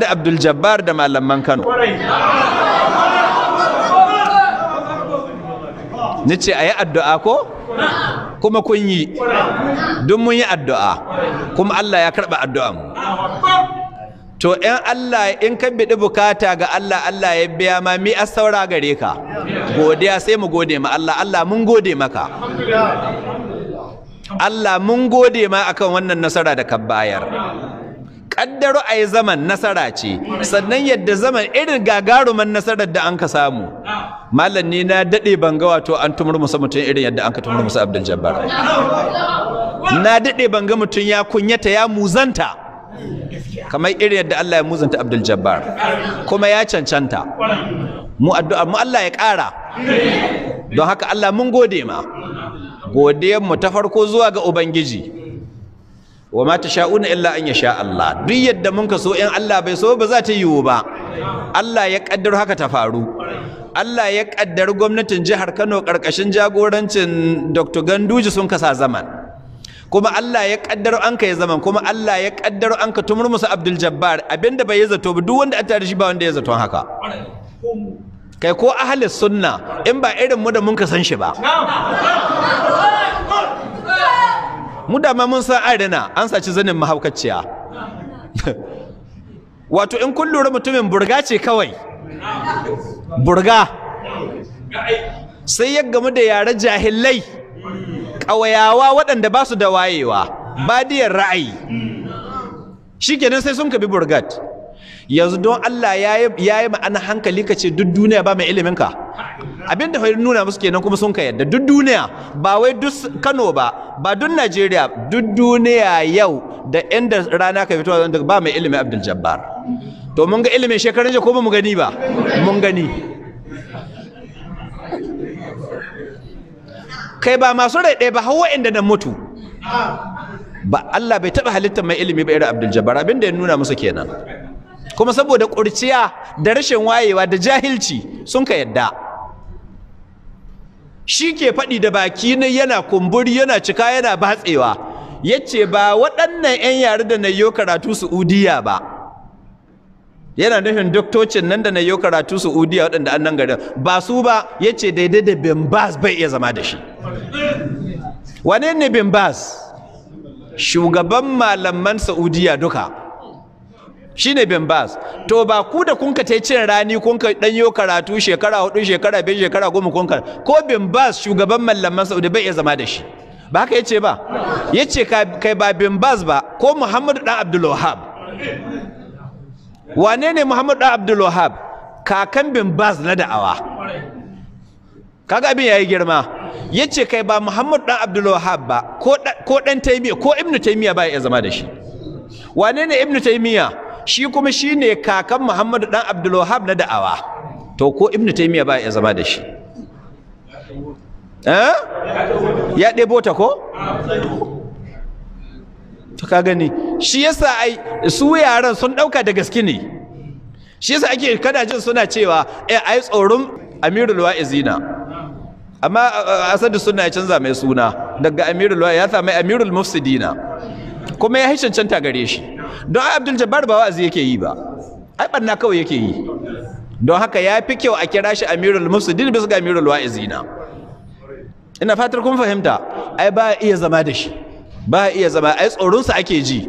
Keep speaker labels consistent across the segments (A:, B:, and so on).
A: da abdul jabbar da malaman kano ni ce a yi addu'a ko kuma kun yi don mun yi addu'a kuma allah ya karɓa addu'an to in allah in kan biɗi bukata ga allah allah ya biya ma mi a saura gare ka godiya sai mu gode ma allah allah mun gode maka allah mun gode ma akan wannan nasara da ka bayar kaddaro a yi zaman nasara ce sannan yadda zaman irin gagaruman nasarar da an ka samu malam ni na daɗe ban ga wato an tumur musa mutum irin yadda an ka tumur musa abdul jabbar na daɗe ban ga mutum ya kunyata ya muzanta kamar irin yadda Allah ya muzanta abdul jabbar kuma ya cancanta mu addu'a mu Allah ya ƙara don haka Allah mun gode ma godiyar mu ta farko zuwa ga ubangiji wa ma tasha'una illa an yasha Allah duk yadda mun ka so in Allah bai so ba za ta yiwu ba Allah ya kaddar haka ta faru Allah ya kaddar gwamnatin jihar Kano karkashin jagorancin Dr. Ganduji sun kasa zaman kuma Allah ya kaddar an kai zaman kuma Allah ya kaddar an ka tumur musu Abdul Jabbar abinda bai zato ba duk wanda a tare shi ba wanda ya zato haka kai ko ahli sunna in ba irin mu da mun ka san shi ba mu da mun san arina an saci zanin mahaukaciya wato in kun lura mutumin burga ce kawai burga sai ya gamu da yare jahilai ƙawayawa waɗanda ba su da wayewa badiyar ra'ayi shi kenan sai sun kabi burgat yanzu don Allah ya yi ma'ana hankali ka ce duk duniya ba mai ka? abinda fa nuna musu kenan kuma sun ka yadda duk duniya ba wai duk Kano ba ba duk Najeriya duk duniya yau da inda rana ka fito da ba mai ilimi Abdul Jabbar to mun ga ilimin shekarun jiya ko ba mu gani ba mun gani kai ba masu rai ɗaya ba hawa inda na mutu ba Allah bai taɓa halittar mai ilimi ba irin Abdul Jabbar abinda ya nuna musu kenan kuma saboda ƙurciya da rashin wayewa da jahilci sun ka yadda shi ke faɗi da baki na yana kumburi yana cika yana batsewa ya ce ba waɗannan 'yan yare da na yi karatu su'udiya ba yana nufin doktocin nan da na yi karatu su'udiya waɗanda an nan garin ba su ba ya ce daidai da bin bai iya zama da shi wane ne bin shugaban malaman saudiya duka shine bin bas to ba ku da kun ka cin rani kun ka dan yo karatu shekara hudu shekara biyu shekara goma kun ka ko bin bas shugaban mallaman saudi bai iya zama da shi ba haka yace ba yace kai ba bin bas ba ko muhammadu dan abdul wahab wane ne muhammadu dan abdul wahab kakan bin bas na da'awa kaga abin yayi girma yace kai ba Muhammad dan Abdul wahab ba ko ko dan taimiya ko ibnu taimiya ba ya zama da shi wane ne ibnu Taymiyyah shi kuma shi ne kakan Muhammadu dan abdullohab na da'awa to ko Ibn taimiyya ba ya zama da shi eh? ya ɗebo ta ko to ka gani shi yasa ai su yaran sun ɗauka da gaske ne shi yasa ake kada jin suna cewa eh, ai tsoron Amirul Wa'izina amma eh, asadu suna canza mai suna daga amirul ya sami amirul mufsidina kuma ya canta gare shi don ai abdul jabbar ba wa'azi yake yi ba ai barna kawai yake yi don haka ya fi kyau a kira shi amirul musuddin bisa ga amirul wa'izina ina fatar kun fahimta ai ba iya zama da shi ba iya zama ai tsoronsa ake ji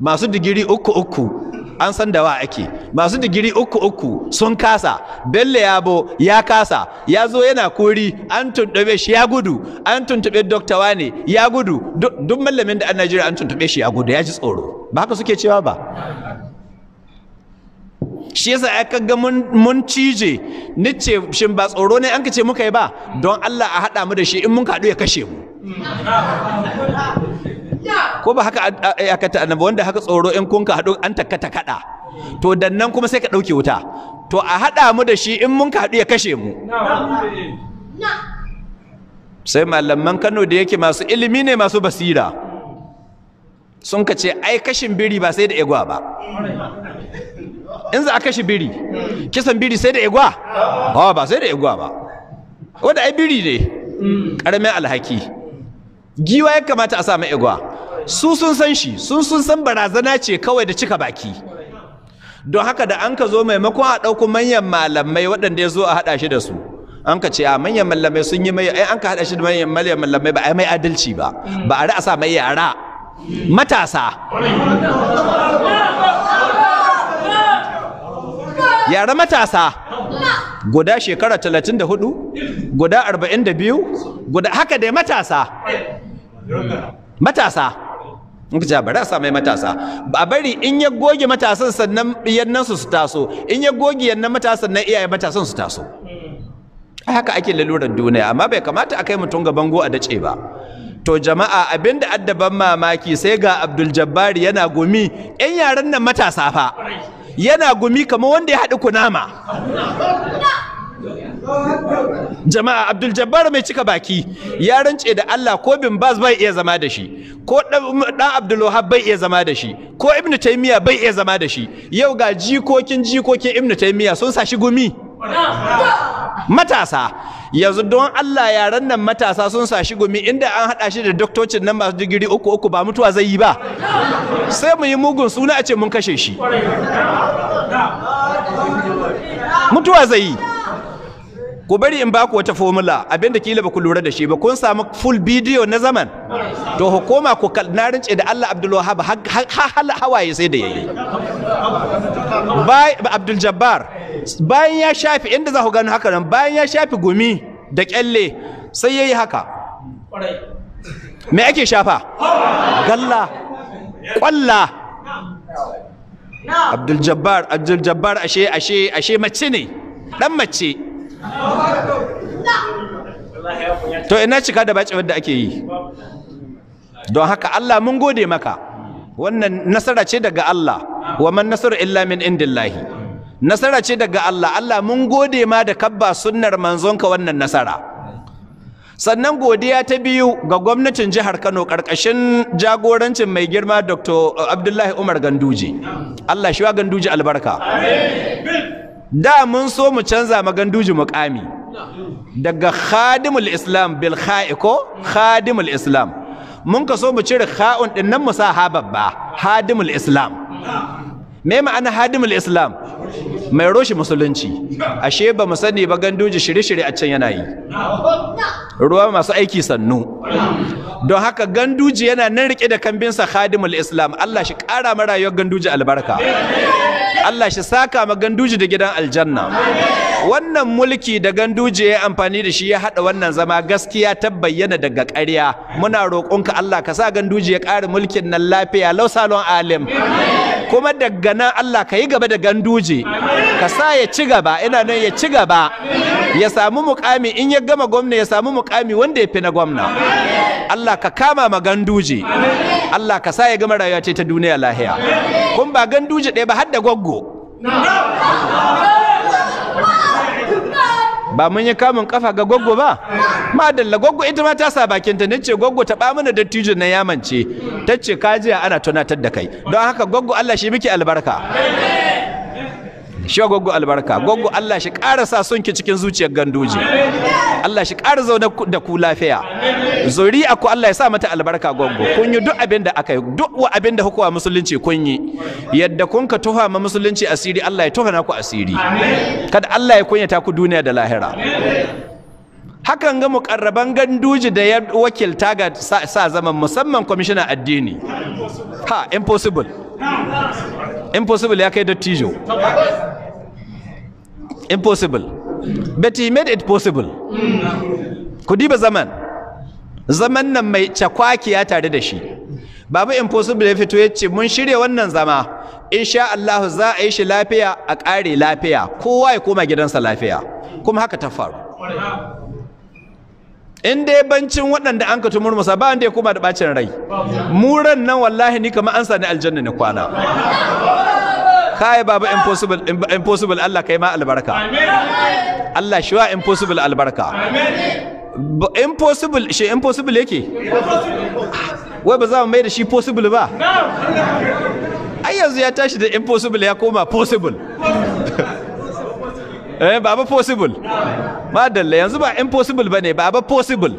A: masu digiri uku uku an san da wa ake masu digiri uku uku sun kasa bello bo ya kasa ya zo yana kori an tuntuɓe shi ya gudu an tuntuɓe dr wane ya gudu duk mallamin da an najeriya an tuntuɓe shi ya gudu ya ji tsoro ba haka suke cewa ba shi yasa ya kaga mun cije ni ce shin ba tsoro ne an ka ce muka yi ba don Allah a haɗa mu da shi in mun kaɗu ya kashe mu ko ba haka aikata annabi wanda haka tsoro in kun ka hadu an takkata kaɗa to dan nan kuma sai ka dauke wuta to a haɗa mu da shi in mun ka haɗu ya kashe mu sai malaman kano da yake masu ilimi ne masu basira sun ka ce ai kashin biri ba sai da igwa ba in za a kashe biri kisan biri sai da igwa ba sai da igwa ba wanda ai biri ne ƙaramin alhaki giwa ya kamata a sami igwa su sun san shi sun sun san barazana ce kawai da cika baki don haka da an ka zo maimakon a ɗauko manyan malamai waɗanda ya zo a haɗa shi da su an ka ce a manyan malamai sun yi mai ai an ka haɗa shi da manyan malamai ba a yi mai adalci ba ba a ra'asa mai yara matasa yara matasa guda shekara 34 guda 42 guda haka dai matasa matasa ja bara sa mai matasa a bari in ya goge matasan sannan yannan su su taso in ya goge yannan matasan na iyaye matasan su taso a haka ake lalurar duniya amma bai kamata a kai mutum gaban bango a dace ba to jama'a abinda addaban mamaki sai ga Abdul jabbari yana gumi yan yaran nan matasa fa yana gumi kamar wanda ya haɗi kunama jama'a abdul jabbar mai cika baki ya rance da Allah ko bin bas bai iya zama da shi ko dan abdul wahab bai iya zama da shi ko ibnu taymiya bai iya zama da shi yau ga jikokin jikokin ibnu taymiya sun sa shi gumi matasa yanzu don Allah yaran nan matasa sun sa shi gumi inda an hada shi da doktocin nan masu digiri uku uku ba mutuwa zai yi ba sai mu yi mugun suna a ce mun kashe shi mutuwa zai yi ku bari in baku wata formula abinda kila ba ku lura da shi ba kun samu full video na zaman to hukuma ku na rince da Allah Abdul Wahab hawaye sai da yayi bai Abdul Jabbar bayan ya shafi inda za ku gano haka nan bayan ya shafi gumi da kyalle sai yayi haka me ake shafa galla kwalla Abdul Jabbar Abdul Jabbar ashe ashe ashe mace ne dan mace to ina cika da bacewar da ake yi don haka Allah mun gode maka wannan nasara ce daga Allah wa man nasaru illa min indillah. nasara ce daga Allah Allah mun gode ma da kabba sunnar manzonka wannan nasara sannan godiya ta biyu ga gwamnatin jihar Kano karkashin jagorancin mai girma Dr. Abdullahi Umar Ganduje Allah shi wa Ganduje albarka amin da mun so mu canza ganduji muƙami daga khadimul islam bil kha'iko ko khadimul islam mun ka so mu cire kha'un din nan mu sa ha babba hadimul islam me ma'ana hadimul islam mai roshi musulunci ashe ba mu sani ba ganduji shiri-shiri a can yana yi ruwa masu aiki sannu don haka ganduji yana nan rike da kambinsa khadimul islam Allah shi kara ƙara marayuwar ganduji albarka Allah shi saka ma ganduji da gidan aljanna wannan mulki da ganduje ya amfani da shi ya hada wannan zama gaskiya ta bayyana daga ƙarya muna roƙonka Allah ka sa ganduje ya ƙara mulkin nan lafiya lau salon alim kuma daga nan Allah ka yi gaba da ganduje ka sa ya ci gaba ina nan ya ci gaba ya samu mukami in ya gama gwamna ya samu mukami wanda ya fi na gwamna Allah ka kama ma ganduje Allah ka sa ya gama rayuwa ce ta duniya lahiya kun ba ganduje ɗaya ba har da gwaggo ba mun yi kamun kafa ga goggo ba Ma dalla goggo ita ma ta sa bakinta na ce goggo ta ba mana dattijo na yamance tace ce jiya ana tunatar da kai don haka goggo Allah shi miki albarka shi goggo albarka goggo Allah shi ƙara sa sonki cikin zuciyar gandoji Allah shi ƙara zaune da ku lafiya zuri ku Allah ya sa mata albarka goggo kun yi duk abin da aka yi duk wa abin da hukuma musulunci kun yi yadda kun ka tuha ma musulunci asiri Allah ya tuha ku asiri kada Allah ya kunyata ku duniya da lahira hakan ga mukarraban ganduji da ya wakilta ga sa zaman musamman kwamishinan addini ha impossible impossible ya kai dattijo impossible but he made it possible ku diba zaman zaman nan mai cakwaki ya tare da shi babu impossible ya fito ya ce mun shirya wannan zama insha Allah za a yi shi lafiya a ƙare lafiya kowa ya koma gidansa lafiya kuma haka ta faru in dai bancin waɗanda an ka tumur musa ba wanda ya kuma da bacin rai muran nan wallahi ni kama an sani aljanna ni kwana kai baba impossible impossible Allah kai ma albarka Allah shi wa impossible albarka impossible shi impossible yake wai ba za mu mai da shi possible ba ai yanzu ya tashi da impossible ya koma possible eh ba ba possible dalle yanzu ba impossible bane ba ba possible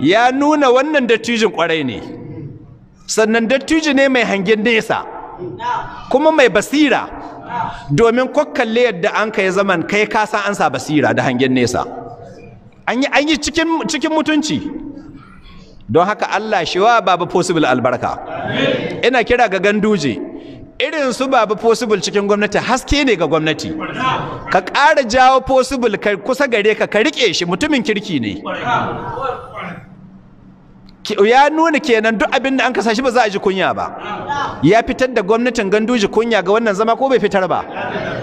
A: ya nuna wannan dattijin kwarai ne sannan dattijin ne mai hangen nesa kuma mai basira domin kokkalle yadda an kai zaman kai ka san an sa basira da hangen nesa an yi an yi cikin cikin mutunci don haka Allah shi wa ba ba possible albarka ina kira ga ganduje irin su babu possible cikin gwamnati haske ne ga gwamnati ka ƙara jawo possible ka kusa gare ka ka riƙe shi mutumin kirki ne ya nuna kenan duk abin da an kasa shi ba za a ji kunya ba ya fitar da gwamnatin ganduji kunya ga wannan zama ko bai fitar ba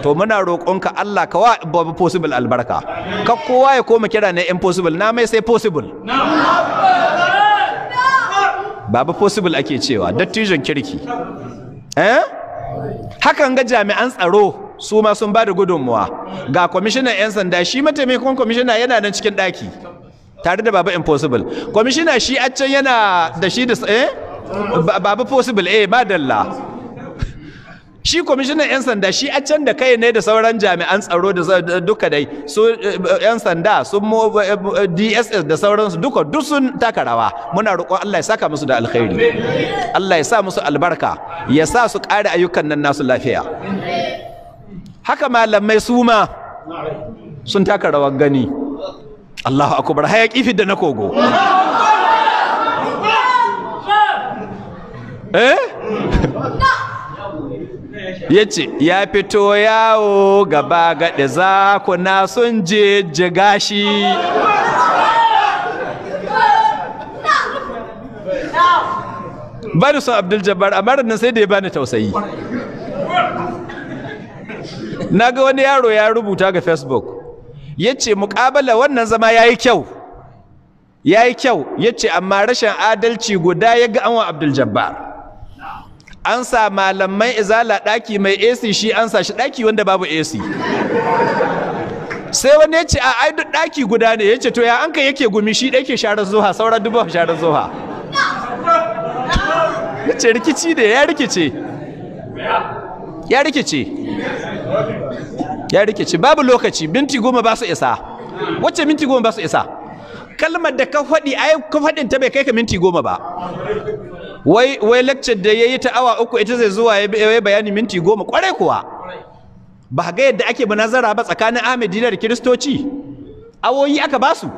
A: to muna roƙonka Allah ka wa babu possible albarka ka kowa ya koma kira na impossible na mai sai possible babu possible ake cewa dattijon kirki eh hakan ga jami'an tsaro su ma sun ba da gudunmuwa ga kwamishinan 'yan sanda shi mataimakon kwamishina yana nan cikin ɗaki tare da babu impossible kwamishina shi a can yana da shi da eh babu possible eh madalla shi kwamishinan 'yan sanda shi a can da kai ne da sauran jami'an tsaro da duka dai su eh, eh, 'yan sanda su eh, dss da sauransu duka duk sun taka rawa muna roƙon allah ya saka musu da alkhairi allah ya sa musu albarka ya sa su kare ayyukan nan nasu lafiya haka malamai su ma sun taka rawar gani allahu akubar kifi da na kogo ya ce ya fito yawo gaba gaɗe za na sun jijjiga shi bani son abdul jabbar marar nan sai da ya bani tausayi na ga wani yaro ya rubuta ga facebook ya ce mukabala wannan zama ya yi kyau ya yi kyau ya ce amma rashin adalci guda ya ga anwa abdul jabbar an sa malamai izala ɗaki mai AC shi an sa shi ɗaki wanda babu AC sai wani ya ce a ai duk ɗaki guda ne ya ce to ya an ka yake gumi shi ɗake sharar zuwa sauran dubu sharar zuwa ya ce rikici ne ya rikice ya rikice ya rikice babu lokaci minti goma ba su isa wacce minti goma ba su isa kalmar da ka faɗi ai ka faɗin ta bai kai ka minti goma ba wai wai lecture da yayi ta awa uku ita zai zuwa yayi bayani minti goma kwarai kuwa ba ga yadda ake munazara ba tsakanin Ahmadiyya da Kiristoci awoyi aka basu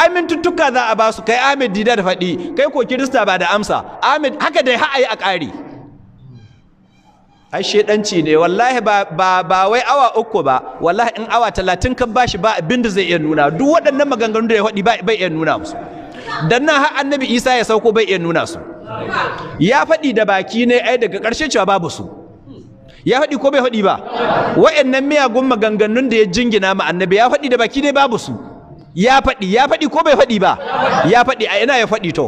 A: ai mintuttuka za a basu kai Ahmed Dida da faɗi kai ko Kirista ba da amsa Ahmed haka dai ha ayi a ƙari ai shedanci ne wallahi ba ba ba wai awa uku ba wallahi in awa 30 kan bashi ba da zai iya nuna duk waɗannan maganganun da ya faɗi ba bai iya nuna musu dan nan har Annabi Isa ya sauko bai iya nuna su ya faɗi da baki ne ai daga ƙarshe cewa babu su ya faɗi ko bai faɗi ba wa'annan miyagun maganganun da ya jingina ma annabi ya faɗi da baki ne babu su ya faɗi ya faɗi ko bai faɗi ba ya faɗi a ina ya faɗi to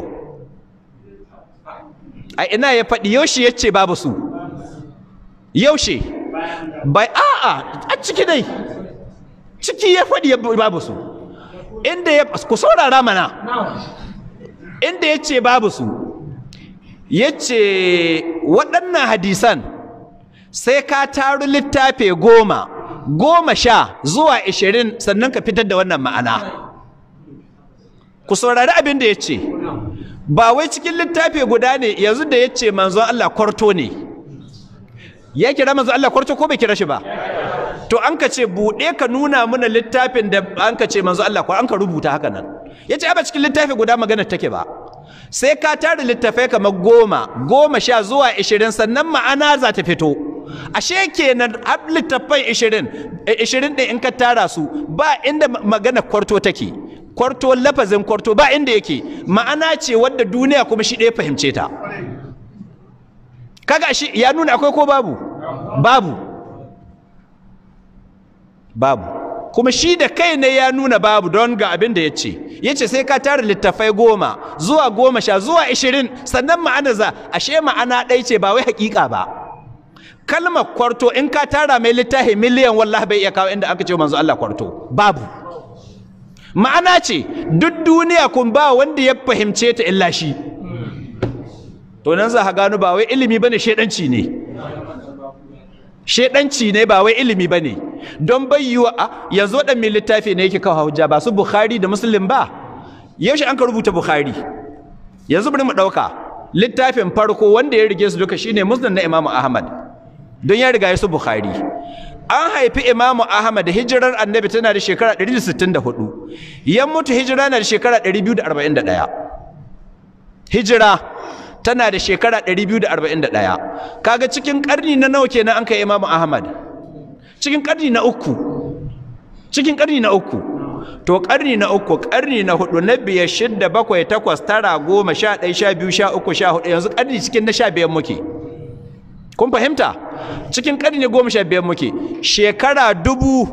A: a ina ya faɗi yaushe ya ce babu su yaushe bai a'a a ciki dai ciki ya faɗi babu su inda ya ku saurara mana inda ya ce babu su Ya ce waɗannan hadisan sai ka taru littafe goma goma sha zuwa ishirin sannan ka fitar da wannan ma'ana ku saurari abin da ya ce ba wai cikin littafi guda ne yanzu da ya ce manzon Allah kwarto ne ya kira manzon Allah kwarto ko bai kira shi ba to an ka ce buɗe ka nuna mana littafin da an ka ce manzon Allah kwarto an ka rubuta haka nan ya ce ba cikin littafi guda magana take ba sai ka tara littafai kamar goma goma sha zuwa ishirin sannan ma'ana za ta fito ashe kenan har littafai ishirin ishirin eh, ɗin in ka tara su ba inda magana kwarto take kwarto lafazin kwarto ba inda yake ma'ana ce wadda duniya kuma shi ɗaya fahimce ta kaga shi ya nuna akwai ko babu babu babu kuma shi da kai ne ya nuna babu don ga abin da ya ce ya ce sai ka tara littafai goma zuwa goma sha zuwa ishirin sannan ma'ana za ashe ma'ana ɗai ce ba wai haƙiƙa ba kalmar kwarto in ka tara mai littafi miliyan wallah bai iya kawo inda aka ce manzo Allah kwarto babu ma'ana ce duk duniya kun ba wanda ya fahimce ta illa shi to nan za ka gano ba wai ilimi bane shedanci ne shedanci ne ba wai ilimi ba ne don bayyuwa a yanzu mai littafi ne yake kawo hujja ba su bukhari da musulun ba yaushe an ka rubuta bukhari yanzu bari mu ɗauka littafin farko wanda ya rige su duka shine musulun na imamu ahmad don ya riga su bukhari an haifi imamu ahmad hijirar annabi tana da shekara 164 yan mutu hijira na da shekara 241 hijira tana da shekara 241 kaga cikin karni na nawa kenan an kai imamu ahmad cikin karni na uku cikin karni na uku to karni na uku karni na hudu na biyar shidda bakwai takwas tara goma sha ɗaya sha biyu sha uku sha hudu yanzu karni cikin na sha biyar muke kun fahimta cikin karni goma sha biyar muke shekara dubu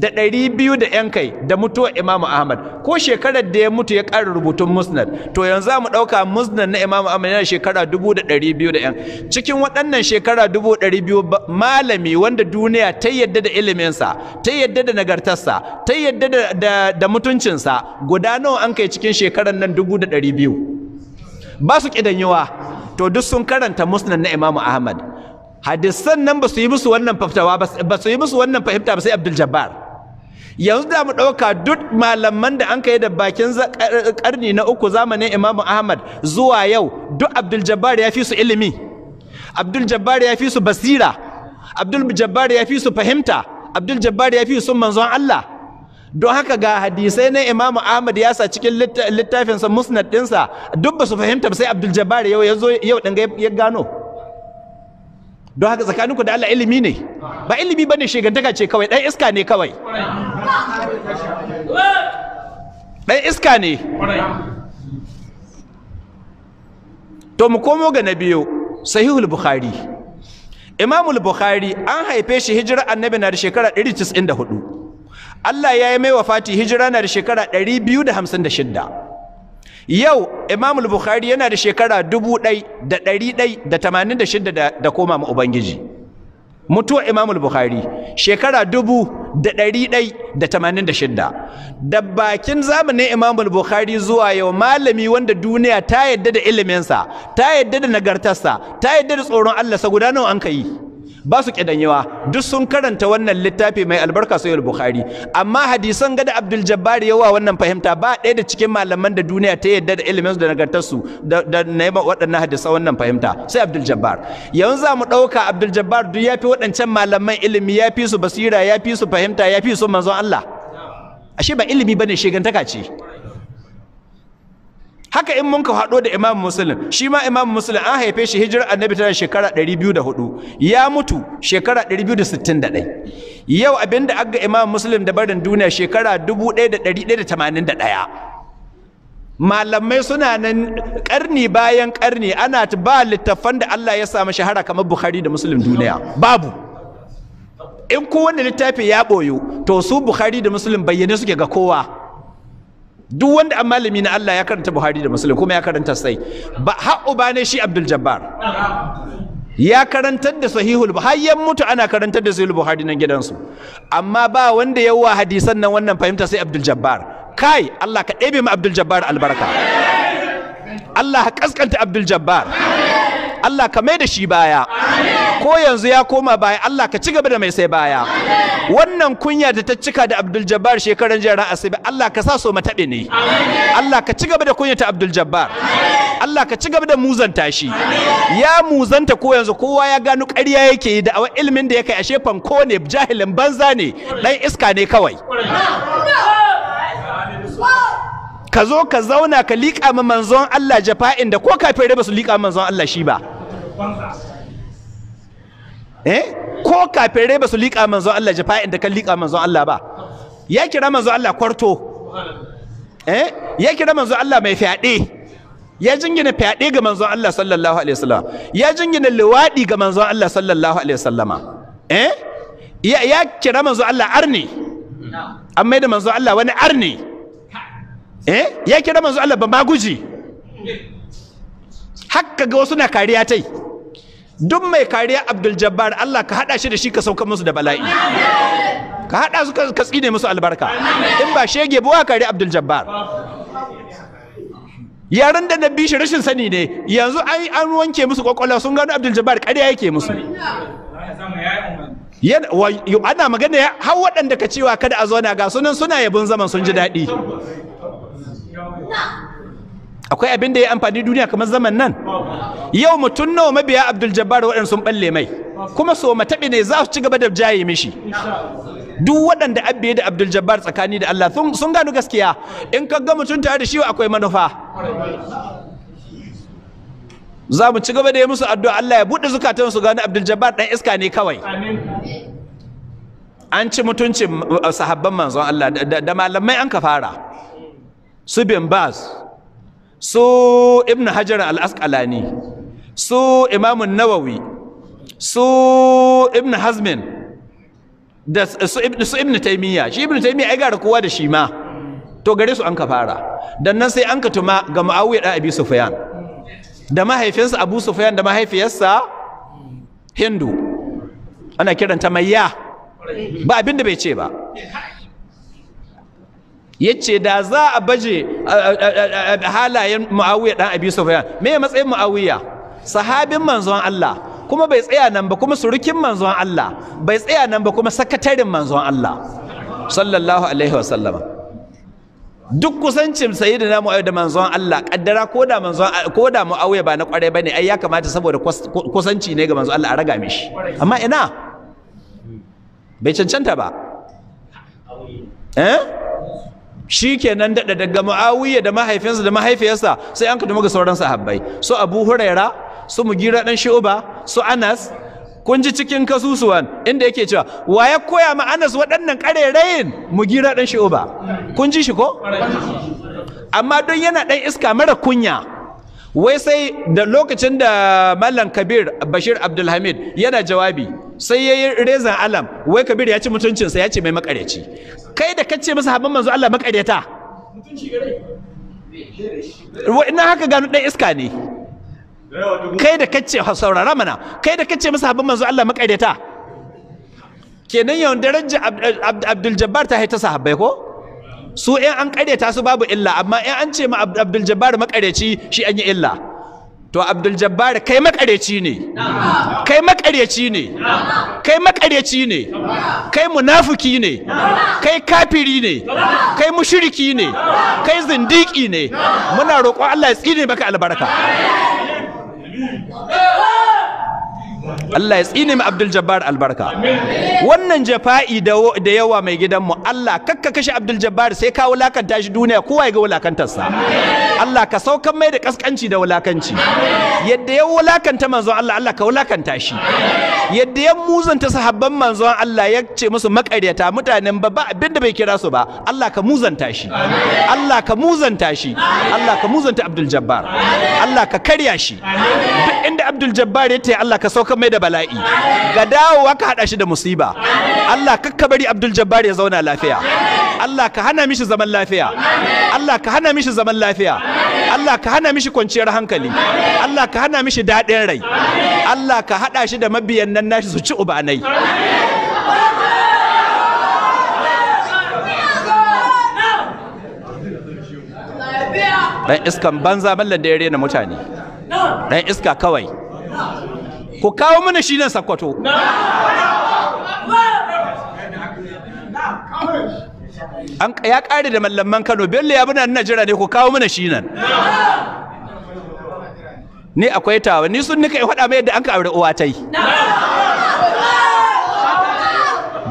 A: da ɗari biyu da ‘yan kai da mutuwar Imam Ahmad ko shekarar da ya mutu ya ƙara rubutun Musnad to yanzu za mu ɗauka Musnad na Imam Ahmad yana shekara dubu da ɗari biyu da ‘yan cikin waɗannan shekara dubu ɗari biyu malami wanda duniya ta yadda da iliminsa ta yadda da nagartarsa ta yadda da mutuncinsa guda nawa an kai cikin shekarar nan dubu da ɗari biyu ba su ƙidanyewa to duk sun karanta Musnad na Imam Ahmad hadisan nan yi musu wannan faftawa ba su yi musu wannan fahimta ba sai Abdul Jabbar yanzu da mu ɗauka duk malaman da an yi da bakin karni na uku zamanin Imam ahmad zuwa yau duk abdul jabbar ya fi su ilimi abdul jabbar ya fi su basira abdul jabbar ya fi su fahimta abdul jabbar ya fi su manzon allah don haka ga hadisai na imamu ahmad ya sa cikin littafinsa musnad ɗinsa duk ba su fahimta ba sai abdul jabbar yau ya zo yau ɗin ya gano don haka tsakaninku da Allah ilimi ne ba ilimi bane shegantaka ce kawai dan iska ne kawai dan iska ne to mu komo ga na sahihul bukhari imamul bukhari an haife shi hijira annabi na da shekara 194 Allah ya yi mai wafati hijira na da shekara 256 yau imam bukhari yana da shekara dubu ɗai da ɗari ɗai da tamanin da shida da koma ma ubangiji mutuwa imam bukhari shekara dubu da ɗari ɗai da tamanin da shida da bakin zamanin imam bukhari zuwa yau malami wanda duniya ta yadda da iliminsa ta yadda da nagartarsa ta yadda da tsoron allah sa guda nawa an ka yi ba su kidanyewa duk sun karanta wannan littafi mai albarka al bukhari amma hadisan gada abdul jabbar yawa wannan fahimta ba ɗaya da cikin malaman da duniya ta yarda da ilimin da nagartar su da neman waɗannan hadisan wannan fahimta sai abdul jabbar yanzu za mu ɗauka abdul jabbar duk yafi waɗancan malaman ilimi yafi su basira yafi su fahimta yafi su manzon Allah ashe ba ilimi bane shegantaka ce haka in mun ka haɗo da imam muslim shi ma imam muslim an haife shi hijira annabi tana shekara 204 ya mutu shekara 261 yau abinda aga imam muslim da barin duniya shekara 1181 malamai suna nan karni bayan karni ana ta ba littafan da Allah ya samu shahara kamar Bukhari da Muslim duniya babu in kowane littafi ya boyo to su Bukhari da Muslim bayyane suke ga kowa duk wanda an malami na Allah ya karanta Buhari da Muslim kuma ya karanta sai ba haƙu ba ne shi Abdul Jabbar ya karantar da sahihul Buhari mutu ana karantar da sahihul Buhari nan gidansu amma ba wanda ya wa hadisan nan wannan fahimta sai Abdul Jabbar kai Allah ka ɗebe mu Abdul Jabbar albarka Allah ka kaskanta Abdul Jabbar Allah ka mai da shi baya ko yanzu ya koma baya Allah ka ci gaba da mai sai baya wannan kunya da ta cika da Abdul Jabbar shekaran jiya ran Allah ka sa so mataɓe ne Allah ka ci gaba da kunya ta Abdul Jabbar Allah ka ci gaba da muzanta shi ya muzanta ko yanzu kowa ya gano ƙarya yake yi da awa ilimin da ya kai shefan ko ne jahilin banza ne dan iska ne kawai ka zo ka zauna ka liƙa ma manzon Allah jafa'in da ko kafirai ba su liƙa manzon Allah shi ba eh ko kafirai ba su liƙa manzon Allah jafa'in da kan liƙa manzon Allah ba ya kira manzon Allah kwarto eh ya kira manzon Allah mai fyaɗe ya jingina fyaɗe ga manzon Allah sallallahu alaihi wasallam ya jingina liwaɗi ga manzon Allah sallallahu alaihi wasallama eh ya ya kira manzon Allah arni an mai da manzon Allah wani arni eh ya kira manzon Allah ba maguji hakka ga wasu na kariya tai duk mai kariya abdul jabbar Allah ka hada shi da shi ka sauka musu da bala'i ka hada su ka tsine musu albarka in ba shege ba kariya abdul jabbar yaran da nabi shi rashin sani ne yanzu ai an wanke musu kwakwalwa sun gano abdul jabbar kariya yake musu ana magana ya har waɗanda ka cewa kada a zo na ga sunan suna yabon zaman sun ji daɗi akwai abin da ya amfani duniya kamar zaman nan yau mutum nawa mabiya abdul jabbar waɗanda sun balle mai kuma so mataɓi ne za su ci gaba da jaye mishi duk waɗanda abbe da abdul jabbar tsakani da allah sun gano gaskiya in ka ga mutum tare da shi akwai manufa za mu ci gaba da yi musu addu'a allah ya buɗe zukatan su gano abdul jabbar ɗan iska ne kawai an ci mutuncin uh, sahabban manzon allah da malamai an ka fara su bin bas su ibn hajar al-asqalani su imamun nawawi su ibn hazmin da su ibn su shi ibn taymiya ai gara kowa da shi ma to gare su an ka fara dan nan sai an ka tuma ga muawiya da abi sufyan da mahaifinsa abu sufyan da mahaifiyarsa hindu ana kiranta mayya ba abin da bai ce ba yace da za a baje halayen Muawiya dan Abi Sufyan me matsayin Muawiya sahabin manzon Allah kuma bai tsaya nan ba kuma surukin manzon Allah bai tsaya nan ba kuma sakatarin manzon Allah sallallahu alaihi wasallama duk kusancin sayyidina Muawiya da manzon Allah kaddara koda manzon koda Muawiya ba na kware bane ai ya kamata saboda kusanci ne ga manzon Allah a raga mishi amma ina bai cancanta ba eh shi kenan daɗa daga ma'awiyya da mahaifinsa da mahaifiyarsa sai an kaduma ga sauran sahabbai su abu huraira su mugira ɗan shi'uba su anas kun ji cikin kasusuwan inda yake cewa wa ya koya ma anas waɗannan ƙarerayin mugira ɗan shi'uba kun ji shi ko amma don yana ɗan iska mara kunya wai sai da lokacin da mallam kabir bashir abdulhamid yana jawabi sai ya yi rezan alam wai kabir ya ci mutuncinsa ya ce mai makareci kai da kace masa habban manzo Allah makareta ina haka gano ɗan iska ne kai da kace saurara mana kai da kace masa habban manzo Allah makareta kenan yawan darajar abdul jabbar ta haita sahabbai ko su in an ƙaryata su babu illa amma in an ce ma abdul jabbar makareci shi an yi illa to abdul jabbar kai makareci ne kai makareci ne kai makareci ne kai munafiki ne kai kafiri ne kai mushriki ne kai zindiki ne muna roƙon Allah ya tsine maka albarka Allah ya tsini mu Abdul Jabbar albarka wannan jafa'i da yawa mai gidanmu Allah kakka kashe Abdul Jabbar sai ka wulakanta shi duniya kowa ya ga wulakantarsa Allah ka saukan mai da kaskanci da wulakanci yadda ya wulakanta manzon Allah Allah ka wulakanta shi yadda ya muzanta sahabban manzon Allah ya ce musu makaryata mutanen ba abinda bai kira su ba Allah ka muzanta shi Allah ka muzanta shi Allah ka muzanta Abdul Jabbar Allah ka karya shi duk inda Abdul Jabbar ya ta Allah ka saukan mai da bala'i ga dawowa ka haɗa shi da musiba Allah kakka bari Abdul Jabbar ya zauna lafiya Allah ka hana mishi zaman lafiya Allah ka hana mishi zaman lafiya Allah ka hana mishi kwanciyar hankali Allah ka hana mishi daɗin rai Allah ka haɗa shi da mabiyan nan nashi su ci ubanai dan iskan banza mallan da ya rena mutane dan iska kawai ku kawo mana shi nan sakkwato an ya ƙare da mallaman kano bello ya bi nan najira ne ku kawo mana shi nan ni akwai tawa ni sun nika ya faɗa mai yadda an ka aure uwa ta yi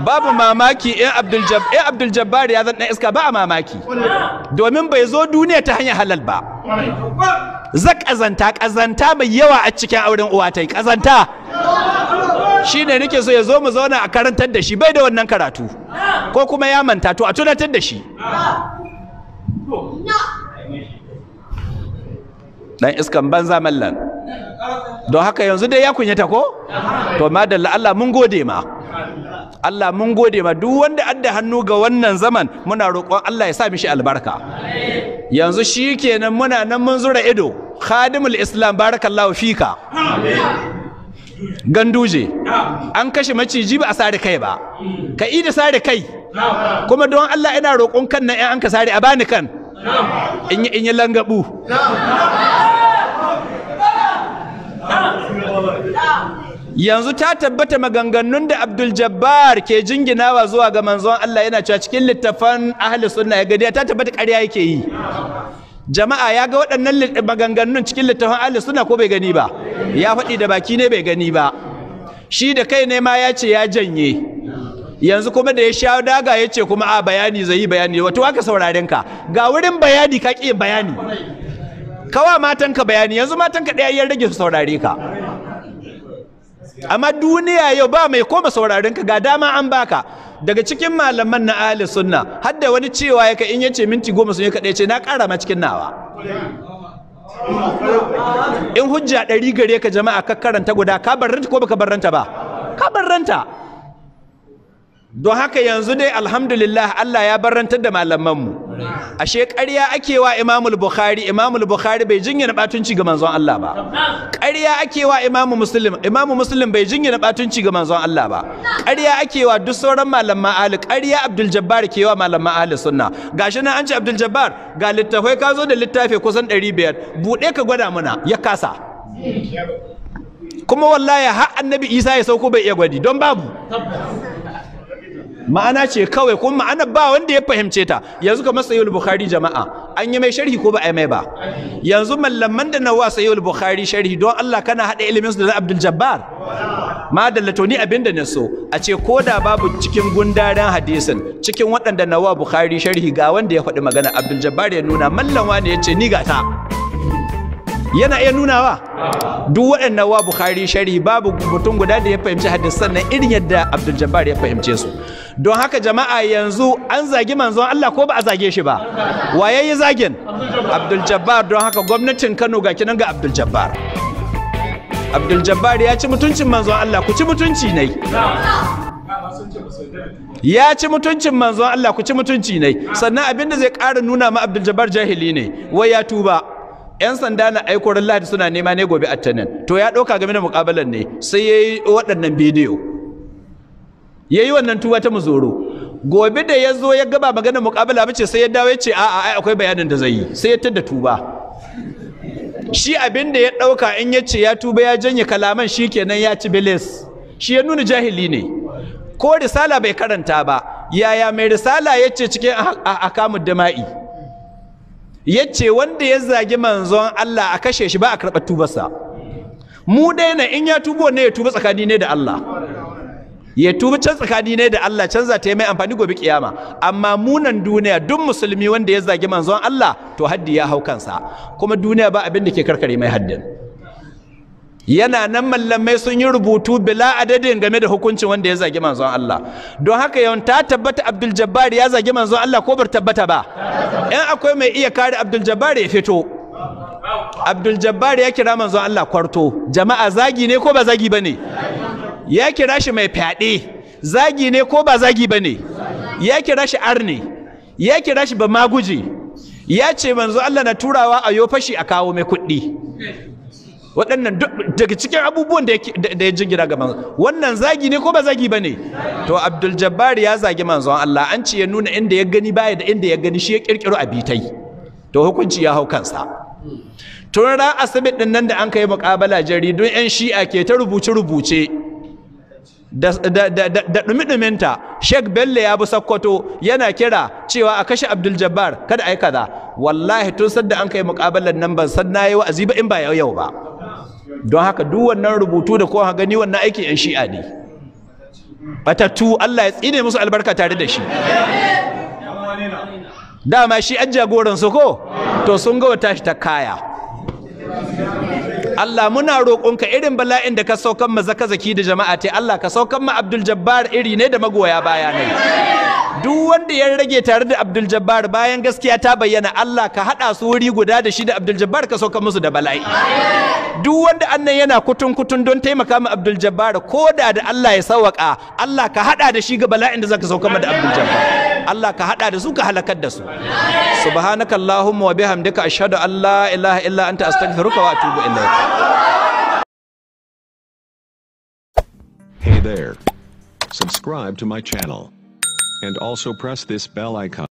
A: babu mamaki in eh, eh, abdul jabbar ya zan ɗan iska ba a mamaki domin bai zo duniya ta hanyar halal ba zak ƙazanta ƙazanta mai yawa a cikin auren uwa ta ƙazanta shi ne nake so ya zo mu zauna a karantar da shi bai da wannan karatu ko kuma ya manta to a tunatar da shi dan iskan banza mallan don haka yanzu dai ya kunyata ko to madalla Allah mun gode ma Allah mun gode ma duk wanda adda hannu ga wannan zaman muna roƙon Allah ya sa mishi albarka yanzu shi kenan muna nan mun zura ido khadimul islam barakallahu fika ganduje an kashe maciji ba a sare kai ba ka da sare kai kuma don Allah ina roƙon kan nan in an ka sare a bani kan in yi langabu yanzu ta tabbata maganganun da Abdul Jabbar ke jinginawa zuwa ga manzon Allah yana cewa cikin littafan ahli sunna ya gadiya ta tabbata ƙarya yake yi jama'a ya ga waɗannan maganganun cikin littafan ahli sunna ko bai gani ba ya faɗi da baki ne bai gani ba shi da kai ne ma ya ce ya janye yanzu kuma da ya sha daga ya ce kuma a bayani zai yi bayani wato haka sauraren ka ga wurin bayani ka ƙi bayani kawa matanka bayani yanzu matanka ɗaya ya rage su saurare ka amma duniya yau ba mai koma saurarin ka ga dama an baka daga cikin malaman na ahli sunna har da wani cewa ya in yace minti goma sun ya kaɗai ce na ƙara ma cikin nawa in hujja ɗari gare ka jama'a ka karanta guda ka barranta ko baka barranta ba ka barranta don haka yanzu dai alhamdulillah Allah ya barantar da malamanmu ashe ƙarya ake wa Imamul Bukhari Imamul Bukhari bai jinyana batunci ga manzon Allah ba ƙarya ake wa Imamu Muslim Imamu Muslim bai jinyana batunci ga manzon Allah ba ƙarya ake wa duk sauran malaman ahli ƙarya Abdul Jabbar ke wa malaman ahli sunna gashi nan an ce Abdul Jabbar ga littafai ka zo da littafi kusan 500 bude ka gwada mana ya kasa kuma wallahi har annabi Isa ya sauko bai iya gwadi don babu ma'ana ce kawai kuma ma'ana ba wanda ya fahimce ta yanzu kamar sayyul bukhari jama'a an yi mai sharhi ko ba a yi mai ba yanzu mallaman da nawa sayyul bukhari sharhi don Allah kana hada ilimin su da Abdul Jabbar ma dallato ni abinda na so a ce ko da babu cikin gundaren hadisin cikin waɗanda nawa bukhari sharhi ga wanda ya faɗi magana Abdul Jabbar ya nuna mallan wani ya ce ni ta. yana iya nuna wa? duk waɗannan wa bukhari Shari, babu mutum guda da ya fahimci hadisan nan irin yadda abdul jabbar ya fahimce su don haka jama'a yanzu an zagi manzon Allah ko ba a zage shi ba waye ya zagin abdul jabbar don haka gwamnatin Kano ga kinan ga abdul jabbar abdul jabbar ya ci mutuncin manzon Allah ku ci mutunci ne ya ci mutuncin manzon Allah ku ci mutunci ne sannan abinda zai ƙara nuna ma abdul jabbar jahili ne wai ya tuba 'yan sanda na aiko ran lahadi suna nema ne gobe attanin to ya ɗauka game da muƙabalan ne sai ya yi waɗannan bidiyo ya yi wannan tuwa ta muzoro gobe da ya zo ya gaba magana muƙabala mace sai ya dawo ya ce a'a ai akwai bayanin da zai yi sai ya tada tuba shi abin da ya ɗauka in ya ce ya tuba ya janye kalaman shi kenan ya ci bilis shi ya nuna jahili ne ko risala bai karanta ba yaya mai risala ya ce cikin akamu dama'i Ya ce wanda ya zagi manzon Allah a kashe shi ba a karɓar tubarsa mu dai na in ya tubo ne ya tuba tsakani ne da Allah ya tuba can tsakani ne da Allah canza ta yi mai amfani gobe kiyama amma munan duniya duk musulmi wanda ya zagi manzon Allah to haddi ya hau kansa kuma duniya ba abin da ke karkare mai haddin yana nan mallamai sun yi rubutu bila adadin game da hukuncin wanda ya zagi manzon Allah don haka yawan ta tabbata Abdul Jabbar ya zagi manzon Allah ko bar tabbata ba in akwai mai iya kare Abdul Jabbar ya fito Abdul Jabbar ya kira manzon Allah kwarto jama'a zagi ne ko ba zagi bane ya kira shi mai fyaɗe zagi ne ko ba zagi bane ya kira shi arne ya kira shi ba maguji ya ce manzo Allah na turawa a yo fashi a kawo mai kuɗi waɗannan daga cikin abubuwan da ya jingina ga manzo wannan zagi ne ko ba zagi ba ne to abdul jabbar ya zagi manzon Allah an ce ya nuna inda ya gani baya da inda ya gani shi ya kirkiro abitai to hukunci ya hau kansa tun ra asibiti din nan da an kai muƙabala jaridun yan shi'a ke ta rubuce rubuce da dumin ta sheik bello ya bi sakkwato yana kira cewa a kashe abdul jabbar kada ai kaza wallahi tun sadda an kai muƙabalar nan ban san na yi wa'azi ba in ba yau ba don haka duk wannan rubutu da kowa gani wannan aikin yan shi'a ne batattu Allah ya tsine musu albarka tare da shi dama shi an jagoran su ko to sun ga wata shi ta kaya Allah muna roƙonka irin bala'in da ka saukan ma zaki da jama'a te Allah ka saukan ma Abdul Jabbar iri ne da magoya baya ne duk wanda ya rage tare da Abdul Jabbar bayan gaskiya ta bayyana Allah ka haɗa su wuri guda da shi da Abdul Jabbar ka sauka musu da bala'i duk wanda annan yana kutun kutun don taimaka ma Abdul Jabbar ko da da Allah ya sawaka Allah ka haɗa da shi ga bala'in da zaka sauka ma da Abdul Jabbar Allah ka haɗa da su ka halakar da su subhanakallahumma wa bihamdika ashhadu an la ilaha illa anta astaghfiruka wa atubu ilayk Hey there subscribe to my channel and also press this bell icon.